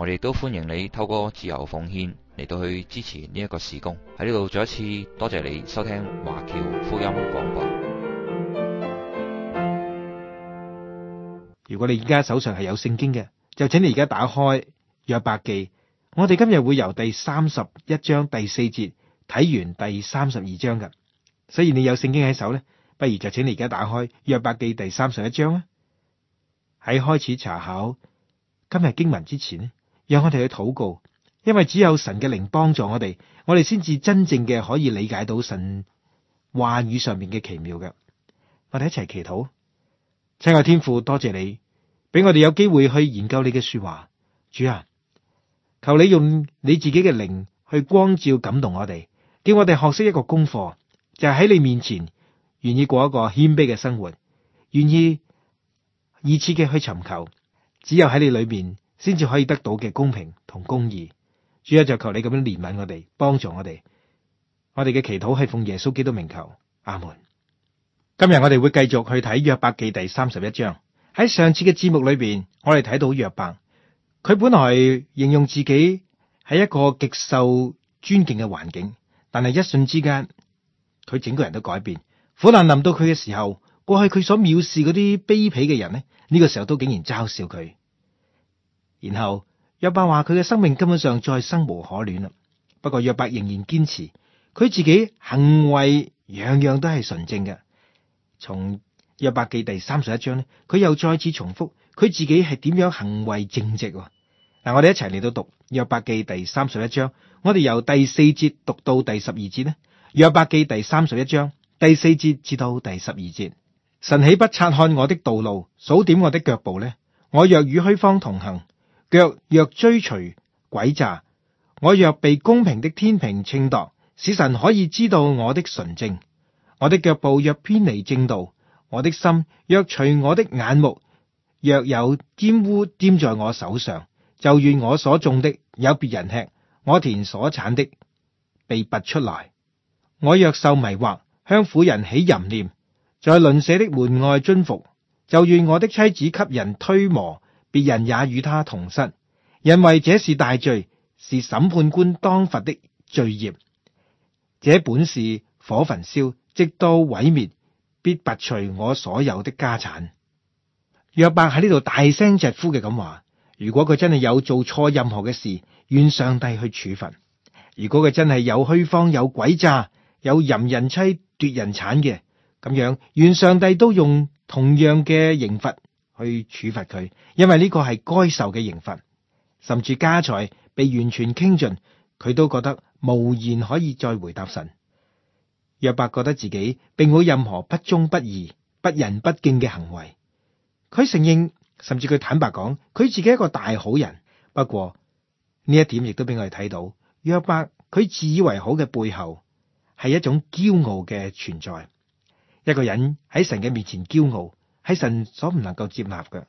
我哋都歡迎你透過自由奉獻嚟到去支持呢一個事工。喺呢度再一次多謝你收聽華僑福音廣播。如果你而家手上係有聖經嘅，就請你而家打開約伯記。我哋今日會由第三十一章第四節睇完第三十二章㗎，所以你有聖經喺手呢，不如就請你而家打開約伯記第三十一章啊。喺開始查考今日經文之前，讓我哋去禱告，因為只有神嘅靈幫助我哋，我哋先至真正嘅可以理解到神話語上面嘅奇妙嘅。我哋一齊祈禱，親愛天父，多謝你俾我哋有機會去研究你嘅說話。主啊，求你用你自己嘅靈去光照、感動我哋，叫我哋學識一個功課，就係喺你面前願意過一個謙卑嘅生活，願意二次嘅去尋求，只有喺你裏面。先至可以得到嘅公平同公義，主啊，就求你咁樣憐憫我哋，幫助我哋。我哋嘅祈禱係奉耶穌基督名求，阿門。今日我哋會繼續去睇約伯記第三十一章。喺上次嘅節目裏邊，我哋睇到約伯，佢本來形容自己係一個極受尊敬嘅環境，但係一瞬之間，佢整個人都改變。苦難臨到佢嘅時候，過去佢所藐視嗰啲卑鄙嘅人呢，呢、呢個時候都竟然嘲笑佢。然後約伯話：佢嘅生命根本上再生無可戀啦。不過約伯仍然堅持，佢自己行為樣樣都係純正嘅。從約伯記第三十一章咧，佢又再次重複佢自己係點樣行為正直嗱、啊。我哋一齊嚟到讀約伯記第三十一章。我哋由第四節讀到第十二節咧。約伯記第三十一章第四節至到第十二節，神豈不察看我的道路，數點我的腳步咧？我若與虛謊同行。腳若追隨詭詐，我若被公平的天平稱度，使神可以知道我的純正。我的腳步若偏離正道，我的心若隨我的眼目，若有玷污粘在我手上，就願我所種的有別人吃，我田所產的被拔出來。我若受迷惑，向婦人起淫念，在鄰舍的門外蹲伏，就願我的妻子給人推磨。別人也與他同室，因為這是大罪，是審判官當罰的罪孽。這本是火焚燒，直到毀滅，必拔除我所有的家產。約伯喺呢度大聲疾呼嘅，咁話，如果佢真係有做錯任何嘅事，願上帝去處罰；如果佢真係有虛謊、有詭詐、有淫人妻、奪人產嘅，咁樣，願上帝都用同樣嘅刑罰。去處罰佢，因為呢個係該受嘅刑罰，甚至家財被完全傾盡，佢都覺得無言可以再回答神。約伯覺得自己並冇任何不忠不義、不仁不敬嘅行為，佢承認，甚至佢坦白講，佢自己係一個大好人。不過呢一點亦都俾我哋睇到，約伯佢自以為好嘅背後係一種驕傲嘅存在。一個人喺神嘅面前驕傲。喺神所唔能夠接納嘅，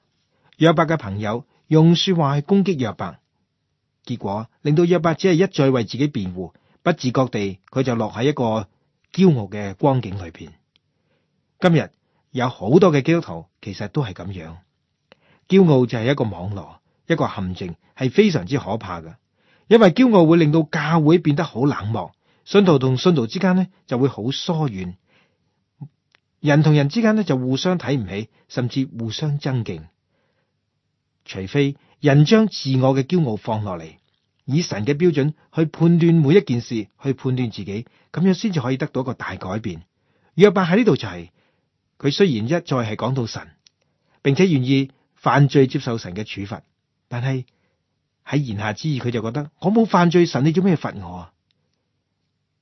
約伯嘅朋友用說話去攻擊約伯，結果令到約伯只係一再為自己辯護，不自覺地佢就落喺一個驕傲嘅光景裏面。今日有好多嘅基督徒其實都係咁樣，驕傲就係一個網絡，一個陷阱，係非常之可怕嘅，因為驕傲會令到教會變得好冷漠，信徒同信徒之間呢就會好疏遠。人同人之間咧就互相睇唔起，甚至互相爭競。除非人將自我嘅驕傲放落嚟，以神嘅標準去判斷每一件事，去判斷自己，咁樣先至可以得到一個大改變。約伯喺呢度就係、是、佢雖然一再係講到神，並且願意犯罪接受神嘅處罰，但係喺言下之意佢就覺得我冇犯罪，神你做咩罰我啊？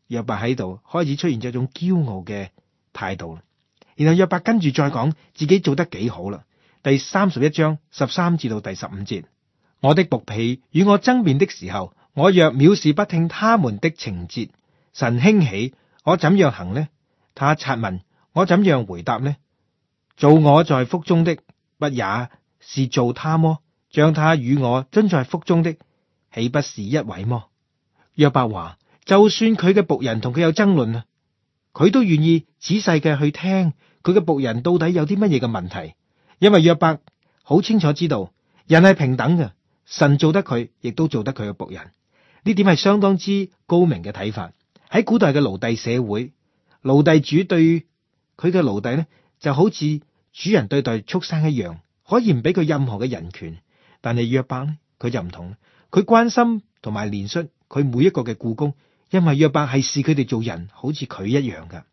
約伯喺度開始出現咗一種驕傲嘅態度然後約伯跟住再講自己做得幾好啦。第三十一章十三至到第十五節，我的僕婢與我爭辯的時候，我若藐視不聽他們的情節，神興起，我怎樣行呢？他察問，我怎樣回答呢？做我在腹中的，不也是做他麼？將他與我真在腹中的，豈不是一位麼？約伯話：就算佢嘅僕人同佢有爭論啊。佢都願意仔細嘅去聽佢嘅僕人到底有啲乜嘢嘅問題，因為約伯好清楚知道人係平等嘅，神做得佢，亦都做得佢嘅僕人。呢點係相當之高明嘅睇法。喺古代嘅奴隸社會，奴隸主對佢嘅奴隸咧就好似主人對待畜生一樣，可以唔俾佢任何嘅人權。但係約伯咧，佢就唔同，佢關心同埋憐恤佢每一個嘅僱工。因為約伯係視佢哋做人，好似佢一樣㗎。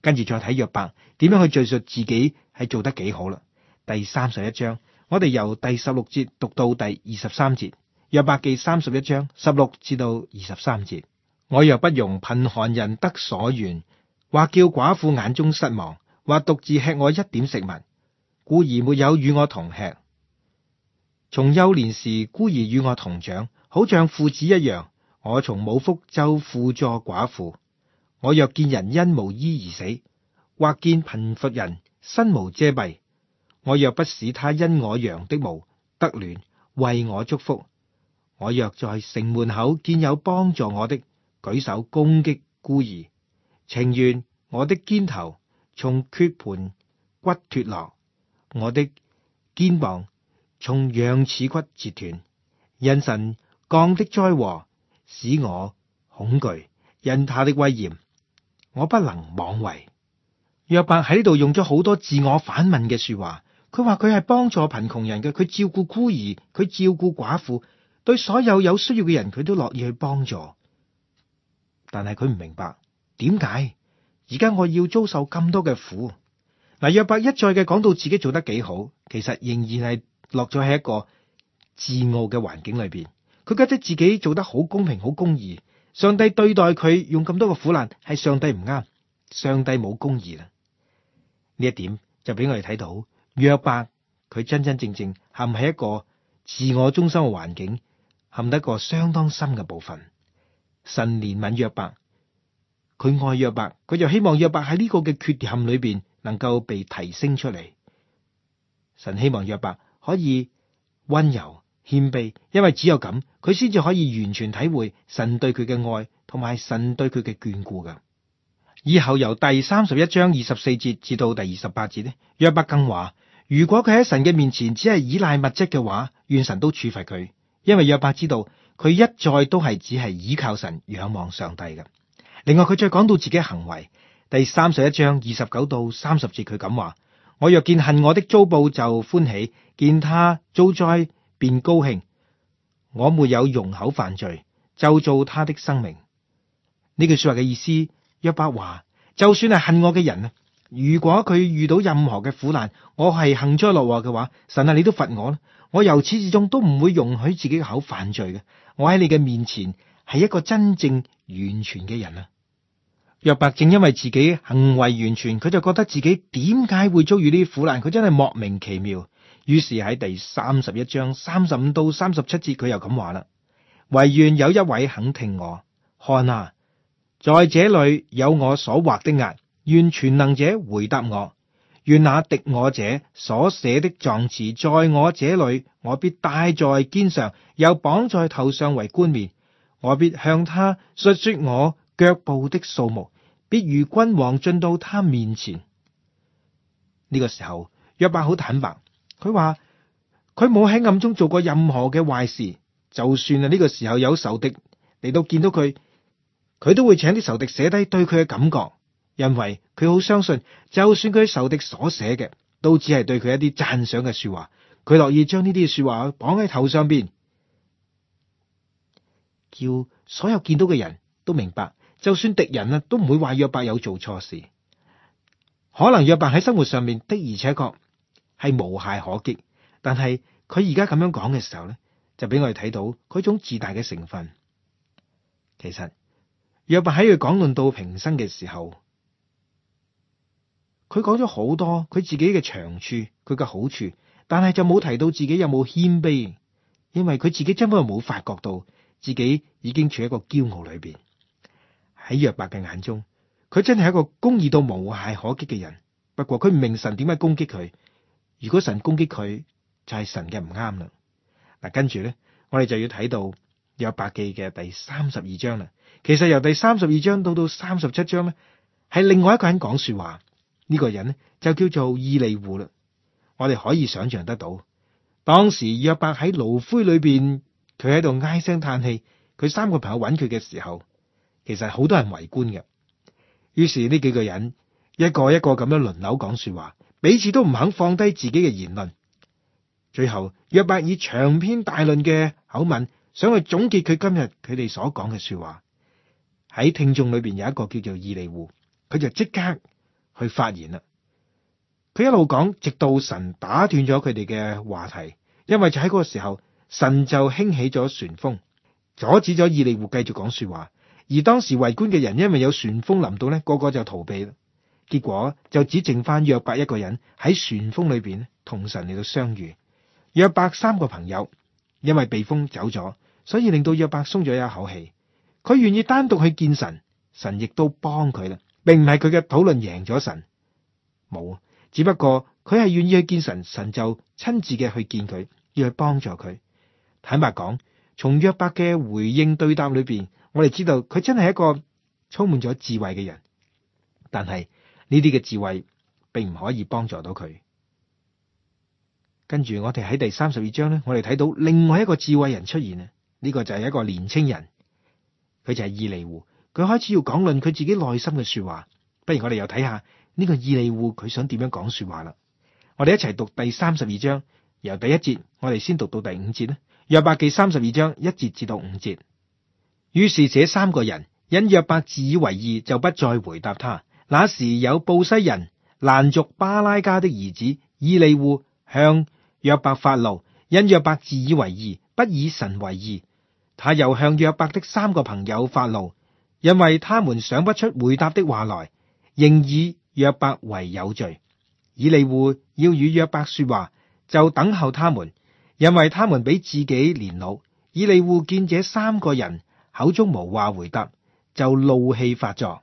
跟住再睇約伯點樣去敘述自己係做得幾好啦。第三十一章，我哋由第十六節讀到第二十三節。約伯記三十一章十六至到二十三節，我若不容貧寒人得所願，或叫寡婦眼中失望，或獨自吃我一點食物，孤兒沒有與我同吃，從幼年時孤兒與我同長，好像父子一樣。我從冇福就輔助寡婦。我若見人因無衣而死，或見貧乏人身無遮蔽，我若不使他因我羊的毛得暖，為我祝福。我若在城門口見有幫助我的，舉手攻擊孤兒，情願我的肩頭從缺盆骨脫落，我的肩膀從羊矢骨折斷，因神降的災禍。使我恐懼，因他的威嚴，我不能妄為。約伯喺呢度用咗好多自我反問嘅說話。佢話佢係幫助貧窮人嘅，佢照顧孤兒，佢照顧寡婦，對所有有需要嘅人，佢都樂意去幫助。但係佢唔明白點解而家我要遭受咁多嘅苦。嗱，約伯一再嘅講到自己做得幾好，其實仍然係落咗喺一個自傲嘅環境裏邊。佢覺得自己做得好公平、好公義，上帝對待佢用咁多嘅苦難，係上帝唔啱，上帝冇公義啦。呢一點就俾我哋睇到，約伯佢真真正正陷喺一個自我中心嘅環境，陷得一個相當深嘅部分。神憐憫約伯，佢愛約伯，佢就希望約伯喺呢個嘅缺陷裏邊能夠被提升出嚟。神希望約伯可以溫柔，謙卑，因為只有咁，佢先至可以完全體會神對佢嘅愛，同埋神對佢嘅眷顧嘅。以後由第三十一章二十四節至到第二十八節呢，約伯更話：如果佢喺神嘅面前只係依賴物質嘅話，願神都處罰佢，因為約伯知道佢一再都係只係依靠神，仰望上帝嘅。另外佢再講到自己行為，第三十一章二十九到三十節，佢咁話：我若見恨我的遭報就歡喜，見他遭災。便高興，我沒有容口犯罪，就做他的生命。呢句說話嘅意思，約伯話：就算係恨我嘅人啊，如果佢遇到任何嘅苦難，我係幸災樂禍嘅話，神啊，你都罰我啦！我由始至終都唔會容許自己口犯罪嘅，我喺你嘅面前係一個真正完全嘅人啊！約伯正因為自己行為完全，佢就覺得自己點解會遭遇呢啲苦難？佢真係莫名其妙。於是喺第三十一章三十五到三十七節，佢又咁話啦：唯願有一位肯聽我，看啊，在這裏有我所畫的額，願全能者回答我，願那敵我者所寫的狀詞在我這裏，我必戴在肩上，又綁在頭上為冠冕，我必向他述說我腳步的數目，必如君王進到他面前。呢、這個時候，約伯好坦白。佢話：佢冇喺暗中做過任何嘅壞事，就算啊呢個時候有仇敵嚟到見到佢，佢都會請啲仇敵寫低對佢嘅感覺，因為佢好相信，就算佢啲仇敵所寫嘅，都只係對佢一啲讚賞嘅說話。佢樂意將呢啲說話綁喺頭上邊，叫所有見到嘅人都明白，就算敵人啊，都唔會話約伯有做錯事。可能約伯喺生活上面的而且確。係無懈可擊，但係佢而家咁樣講嘅時候咧，就俾我哋睇到佢種自大嘅成分。其實約伯喺佢講論到平生嘅時候，佢講咗好多佢自己嘅長處，佢嘅好處，但係就冇提到自己有冇謙卑，因為佢自己真係冇發覺到自己已經處喺一個驕傲裏邊。喺約伯嘅眼中，佢真係一個公義到無懈可擊嘅人。不過佢唔明神點解攻擊佢。如果神攻擊佢，就係、是、神嘅唔啱啦。嗱，跟住咧，我哋就要睇到約伯記嘅第三十二章啦。其實由第三十二章到到三十七章咧，係另外一個人講說話。呢、這個人咧就叫做以利戶啦。我哋可以想象得到，當時約伯喺爐灰裏邊，佢喺度唉聲嘆氣。佢三個朋友揾佢嘅時候，其實好多人圍觀嘅。於是呢幾個人一個一個咁樣輪流講說話。彼此都唔肯放低自己嘅言論，最後約伯以長篇大論嘅口吻，想去總結佢今日佢哋所講嘅說話。喺聽眾裏邊有一個叫做伊利戶，佢就即刻去發言啦。佢一路講，直到神打斷咗佢哋嘅話題，因為就喺嗰個時候，神就興起咗旋風，阻止咗伊利戶繼續講說話。而當時圍觀嘅人，因為有旋風臨到咧，個個就逃避結果就只剩翻約伯一個人喺旋風裏邊同神嚟到相遇。約伯三個朋友因為避風走咗，所以令到約伯鬆咗一口氣。佢願意單獨去見神，神亦都幫佢啦，並唔係佢嘅討論贏咗神，冇。只不過佢係願意去見神，神就親自嘅去見佢，要去幫助佢。坦白講，從約伯嘅回應對答裏邊，我哋知道佢真係一個充滿咗智慧嘅人，但係。呢啲嘅智慧並唔可以幫助到佢。跟住我哋喺第三十二章呢，我哋睇到另外一個智慧人出現啊！呢個就係一個年青人，佢就係伊利戶，佢開始要講論佢自己內心嘅說話。不如我哋又睇下呢個伊利戶佢想點樣講說話啦。我哋一齊讀第三十二章，由第一節我哋先讀到第五節呢，約伯記三十二章一節至到五節。於是這三個人因約伯自以為義，就不再回答他。那時有布西人蘭族巴拉家的兒子以利戶向約伯發怒，因約伯自以為義，不以神為義。他又向約伯的三個朋友發怒，因為他們想不出回答的話來，仍以約伯為有罪。以利戶要與約伯說話，就等候他們，因為他們比自己年老。以利戶見這三個人口中無話回答，就怒氣發作。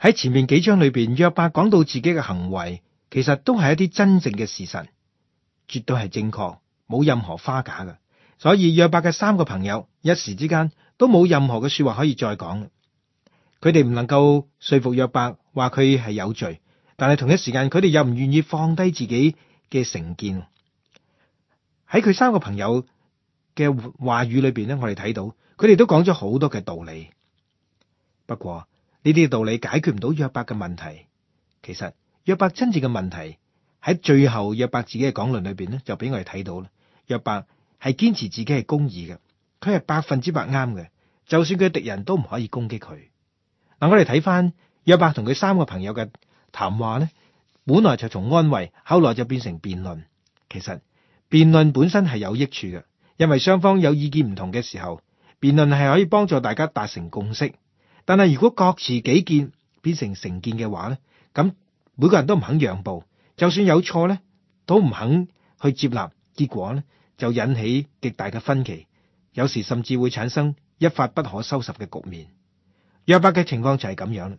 喺前面幾章裏邊，約伯講到自己嘅行為，其實都係一啲真正嘅事實，絕對係正確，冇任何花假嘅。所以約伯嘅三個朋友一時之間都冇任何嘅說話可以再講，佢哋唔能夠說服約伯話佢係有罪，但係同一時間佢哋又唔願意放低自己嘅成見。喺佢三個朋友嘅話語裏邊咧，我哋睇到佢哋都講咗好多嘅道理，不過。呢啲道理解決唔到約伯嘅問題，其實約伯真正嘅問題喺最後約伯自己嘅講論裏邊咧，就俾我哋睇到啦。約伯係堅持自己係公義嘅，佢係百分之百啱嘅，就算佢敵人都唔可以攻擊佢。嗱，我哋睇翻約伯同佢三個朋友嘅談話咧，本來就從安慰，後來就變成辯論。其實辯論本身係有益處嘅，因為雙方有意見唔同嘅時候，辯論係可以幫助大家達成共識。但係如果各持己見，變成成見嘅話咧，咁每個人都唔肯讓步，就算有錯咧，都唔肯去接納，結果咧就引起極大嘅分歧，有時甚至會產生一發不可收拾嘅局面。約伯嘅情況就係咁樣啦。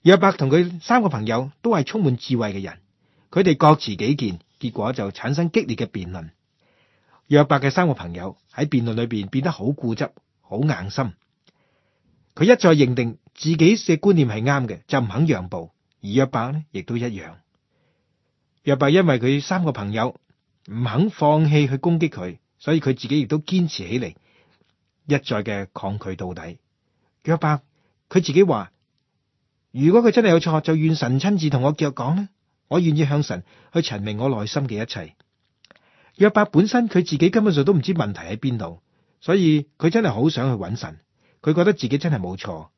約伯同佢三個朋友都係充滿智慧嘅人，佢哋各持己見，結果就產生激烈嘅辯論。約伯嘅三個朋友喺辯論裏邊變得好固執，好硬心。佢一再認定自己嘅觀念係啱嘅，就唔肯讓步。而約伯咧，亦都一樣。約伯因為佢三個朋友唔肯放棄去攻擊佢，所以佢自己亦都堅持起嚟，一再嘅抗拒到底。約伯佢自己話：如果佢真係有錯，就願神親自同我講咧，我願意向神去陳明我內心嘅一切。約伯本身佢自己根本上都唔知問題喺邊度，所以佢真係好想去揾神。佢覺得自己真係冇錯。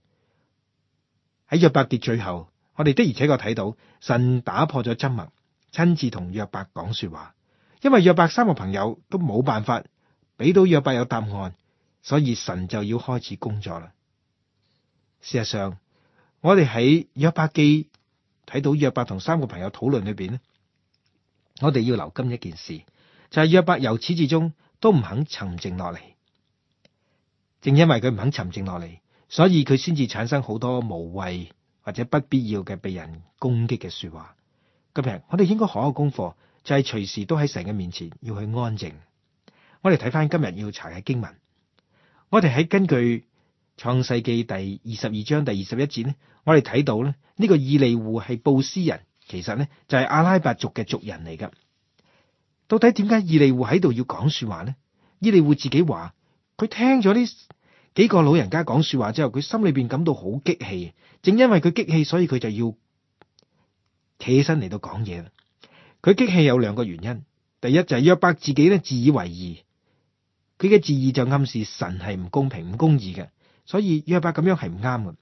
喺約伯記最後，我哋的而且確睇到神打破咗沉默，親自同約伯講說話。因為約伯三個朋友都冇辦法俾到約伯有答案，所以神就要開始工作啦。事實上，我哋喺約伯記睇到約伯同三個朋友討論裏邊咧，我哋要留心一件事，就係約伯由始至終都唔肯沉靜落嚟。正因為佢唔肯沉靜落嚟，所以佢先至產生好多無謂或者不必要嘅被人攻擊嘅說話。今日我哋應該學嘅功課就係、是、隨時都喺神嘅面前要去安靜。我哋睇翻今日要查嘅經文，我哋喺根據創世記第二十二章第二十一節呢，我哋睇到咧呢、這個以利戶係布斯人，其實呢就係、是、阿拉伯族嘅族人嚟噶。到底點解以利戶喺度要講說話呢？以利戶自己話。佢聽咗啲幾個老人家講說話之後，佢心裏邊感到好激氣。正因為佢激氣，所以佢就要企起身嚟到講嘢啦。佢激氣有兩個原因，第一就係約伯自己咧自以為義，佢嘅自義就暗示神係唔公平、唔公義嘅，所以約伯咁樣係唔啱嘅。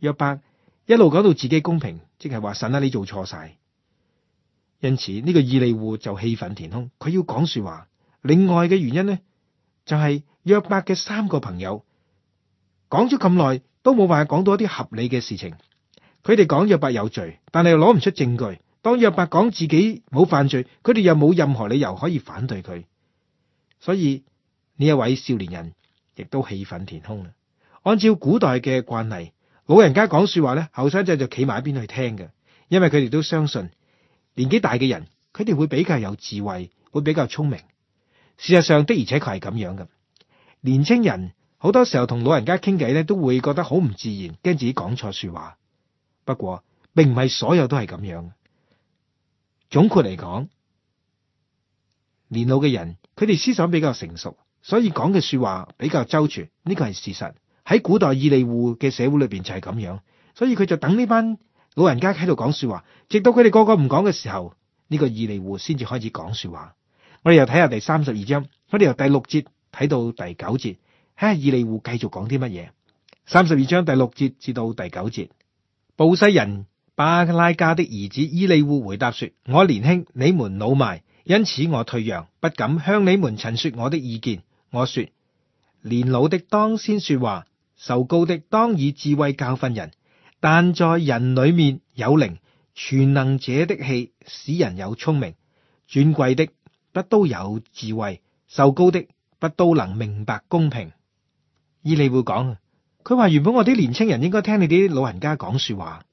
約伯一路講到自己公平，即係話神啊，你做錯晒。因此呢、這個以利戶就氣憤填胸，佢要講說話。另外嘅原因呢？就係約伯嘅三個朋友，講咗咁耐都冇辦法講到一啲合理嘅事情。佢哋講約伯有罪，但係又攞唔出證據。當約伯講自己冇犯罪，佢哋又冇任何理由可以反對佢。所以呢一位少年人亦都氣憤填胸。按照古代嘅慣例，老人家講說話咧，後生仔就企埋一邊去聽嘅，因為佢哋都相信年紀大嘅人，佢哋會比較有智慧，會比較聰明。事實上，的而且確係咁樣嘅。年青人好多時候同老人家傾偈咧，都會覺得好唔自然，驚自己講錯說話。不過，並唔係所有都係咁樣。總括嚟講，年老嘅人，佢哋思想比較成熟，所以講嘅說話比較周全。呢、這個係事實。喺古代以利戶嘅社會裏邊就係咁樣，所以佢就等呢班老人家喺度講說話，直到佢哋個個唔講嘅時候，呢、這個以利戶先至開始講說話。我哋又睇下第三十二章，我哋由第六節睇到第九節，哈、哎，以利戶繼續講啲乜嘢？三十二章第六節至到第九節，布西人巴拉迦的兒子以利戶回答說：我年輕，你們老邁，因此我退讓，不敢向你們陳說我的意見。我說，年老的當先說話，壽高的當以智慧教訓人，但在人裏面有靈，全能者的氣使人有聰明，尊貴的。不都有智慧、壽高的不都能明白公平？伊利戶講，佢話，原本我啲年青人應該聽你啲老人家講說話，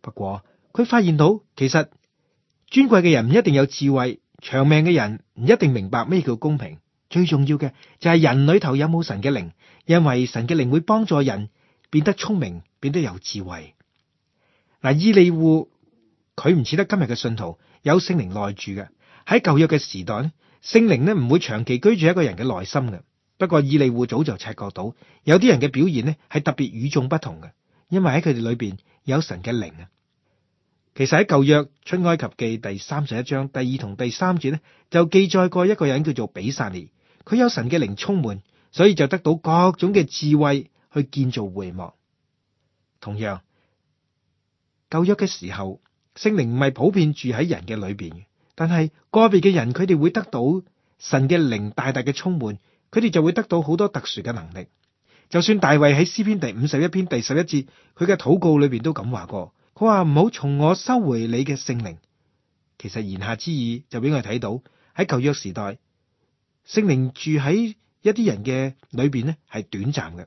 不過佢發現到其實尊貴嘅人唔一定有智慧，長命嘅人唔一定明白咩叫公平。最重要嘅就係人裏頭有冇神嘅靈，因為神嘅靈會幫助人變得聰明，變得有智慧。嗱，伊利戶佢唔似得今日嘅信徒有聖靈內住嘅。喺舊約嘅時代咧，聖靈咧唔會長期居住一個人嘅內心嘅。不過以利戶早就察覺到，有啲人嘅表現咧係特別與眾不同嘅，因為喺佢哋裏邊有神嘅靈啊。其實喺舊約出埃及記第三十一章第二同第三節咧，就記載過一個人叫做比撒尼，佢有神嘅靈充滿，所以就得到各種嘅智慧去建造會幕。同樣，舊約嘅時候，聖靈唔係普遍住喺人嘅裏邊。但係個別嘅人，佢哋會得到神嘅靈大大嘅充滿，佢哋就會得到好多特殊嘅能力。就算大衛喺詩篇第五十一篇第十一節，佢嘅禱告裏邊都咁話過，佢話唔好從我收回你嘅聖靈。其實言下之意就俾我睇到喺舊約時代，聖靈住喺一啲人嘅裏邊呢係短暫嘅，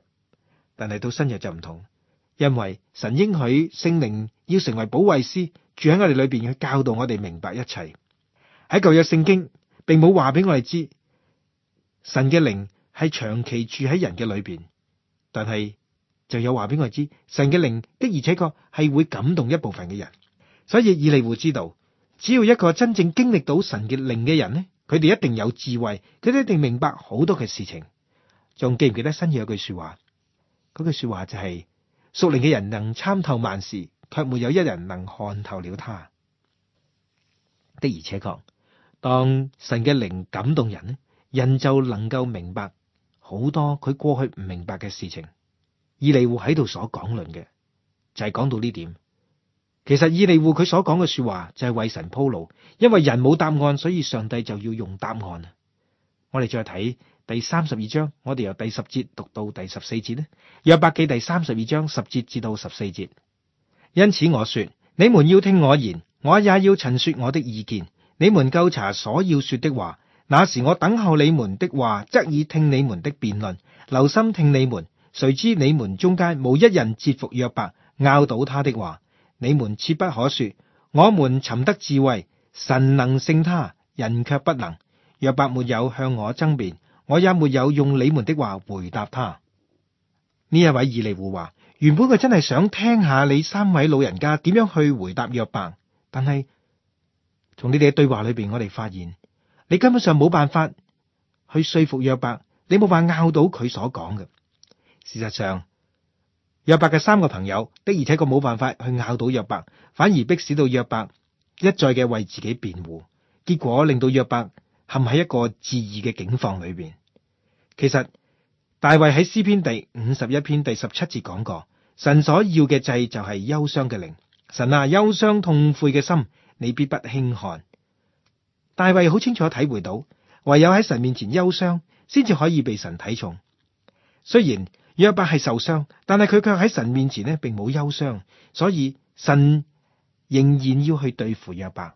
但係到新約就唔同，因為神應許聖靈要成為保惠師，住喺我哋裏邊去教導我哋明白一切。喺舊約聖經並冇話俾我哋知神嘅靈係長期住喺人嘅裏邊，但係就有話俾我哋知神嘅靈的而且確係會感動一部分嘅人。所以以利戶知道，只要一個真正經歷到神嘅靈嘅人呢，佢哋一定有智慧，佢哋一定明白好多嘅事情。仲記唔記得新約有句說話？嗰句說話就係、是、屬靈嘅人能參透萬事，却沒有一人能看透了他。的而且確。當神嘅靈感動人咧，人就能夠明白好多佢過去唔明白嘅事情。以利戶喺度所講論嘅就係、是、講到呢點。其實以利戶佢所講嘅說話就係、是、為神鋪路，因為人冇答案，所以上帝就要用答案啊！我哋再睇第三十二章，我哋由第十節讀到第十四節咧，約伯記第三十二章十節至到十四節。因此我說，你們要聽我言，我也要陳說我的意見。你們查究所要說的話，那時我等候你們的話，側耳聽你們的辯論，留心聽你們。誰知你們中間冇一人折服約伯，拗倒他的話。你們切不可說：我們尋得智慧，神能勝他，人卻不能。約伯沒有向我爭辯，我也沒有用你們的話回答他。呢一位以利戶話：原本佢真係想聽下你三位老人家點樣去回答約伯，但係，從你哋嘅對話裏邊，我哋發現你根本上冇辦法去說服約伯，你冇法拗到佢所講嘅。事實上，約伯嘅三個朋友的而且確冇辦法去拗到約伯，反而逼使到約伯一再嘅為自己辯護，結果令到約伯陷喺一個自義嘅境況裏邊。其實大衛喺詩篇第五十一篇第十七節講過，神所要嘅祭就係憂傷嘅靈，神啊憂傷痛悔嘅心，未必不輕看。大衛好清楚體會到，唯有喺神面前憂傷，先至可以被神睇重。雖然約伯係受傷，但係佢卻喺神面前呢，並冇憂傷，所以神仍然要去對付約伯。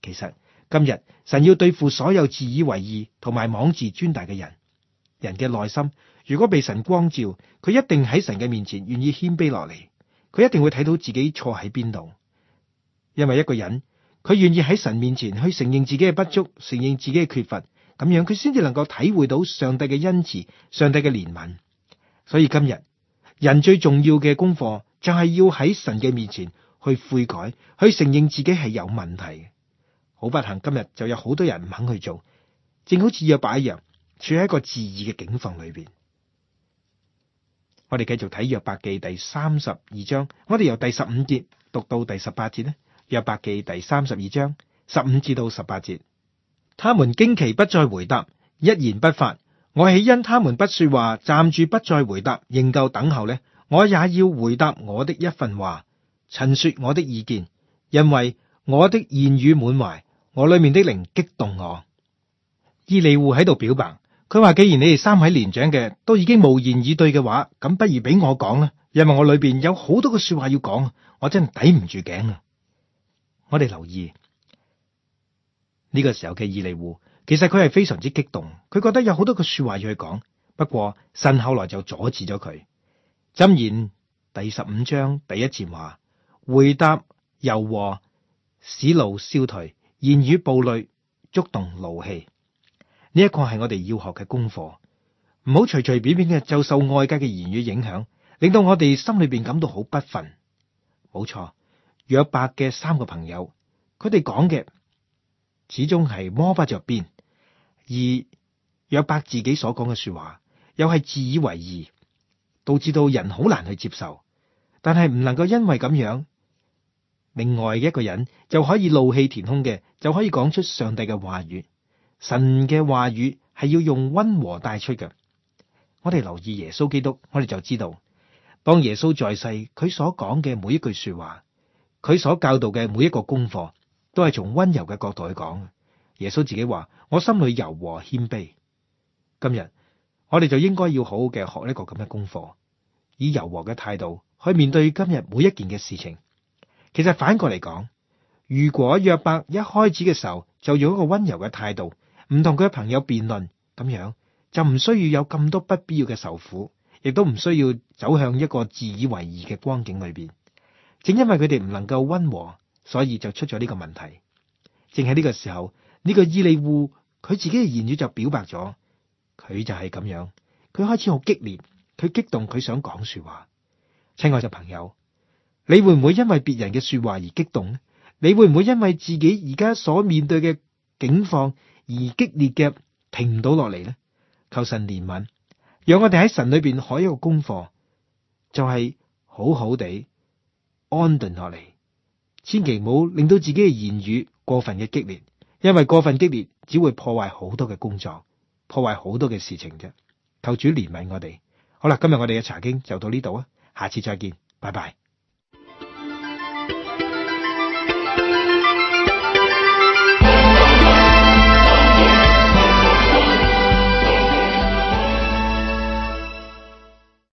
其實今日神要對付所有自以為義同埋妄自尊大嘅人。人嘅內心如果被神光照，佢一定喺神嘅面前願意謙卑落嚟。佢一定會睇到自己錯喺邊度，因為一個人。佢願意喺神面前去承認自己嘅不足，承認自己嘅缺乏，咁樣佢先至能夠體會到上帝嘅恩慈，上帝嘅憐憫。所以今日人最重要嘅功課就係要喺神嘅面前去悔改，去承認自己係有問題嘅。好不幸，今日就有好多人唔肯去做，正好似約伯一樣，處喺一個自義嘅境況裏邊。我哋繼續睇約伯記第三十二章，我哋由第十五節讀到第十八節呢。約伯記第三十二章十五至到十八節。他們驚奇，不再回答，一言不發。我豈因他們不說話，站住不再回答，仍舊等候呢？我也要回答我的一份話，陳說我的意見，因為我的言語滿懷，我裏面的靈激動我。伊利戶喺度表白，佢話：既然你哋三位年長嘅都已經無言以對嘅話，咁不如俾我講啦，因為我裏邊有好多嘅說話要講，我真係抵唔住頸啊！我哋留意呢、這個時候嘅以利戶，其實佢係非常之激動，佢覺得有好多嘅說話要去講。不過神後來就阻止咗佢。箴言第十五章第一節話：回答柔和，使怒消退；言語暴戾，觸動怒氣。呢、這、一個係我哋要學嘅功課，唔好隨隨便便嘅就受外界嘅言語影響，令到我哋心裏邊感到好不忿。冇錯。約伯嘅三個朋友，佢哋講嘅始終係摸不着邊，而約伯自己所講嘅說話又係自以為義，導致到人好難去接受。但係唔能夠因為咁樣，另外嘅一個人就可以怒氣填胸嘅，就可以講出上帝嘅話語。神嘅話語係要用溫和帶出嘅。我哋留意耶穌基督，我哋就知道，當耶穌在世，佢所講嘅每一句說話。佢所教導嘅每一個功課，都係從溫柔嘅角度去講。耶穌自己話：我心裏柔和謙卑。今日我哋就應該要好好嘅學呢個咁嘅功課，以柔和嘅態度去面對今日每一件嘅事情。其實反過嚟講，如果約伯一開始嘅時候就用一個溫柔嘅態度，唔同佢嘅朋友辯論咁樣，就唔需要有咁多不必要嘅受苦，亦都唔需要走向一個自以為義嘅光景裏邊。正因為佢哋唔能夠溫和，所以就出咗呢個問題。正喺呢個時候，呢、這個伊利戶佢自己嘅言語就表白咗，佢就係咁樣。佢開始好激烈，佢激動，佢想講說話。親愛嘅朋友，你會唔會因為別人嘅說話而激動？你會唔會因為自己而家所面對嘅境況而激烈嘅停唔到落嚟呢？求神憐憫，讓我哋喺神裏邊學一個功課，就係、是、好好地。安頓落嚟，千祈唔好令到自己嘅言語過分嘅激烈，因為過分激烈只會破壞好多嘅工作，破壞好多嘅事情啫。求主憐憫我哋。好啦，今日我哋嘅查經就到呢度啊，下次再見，拜拜。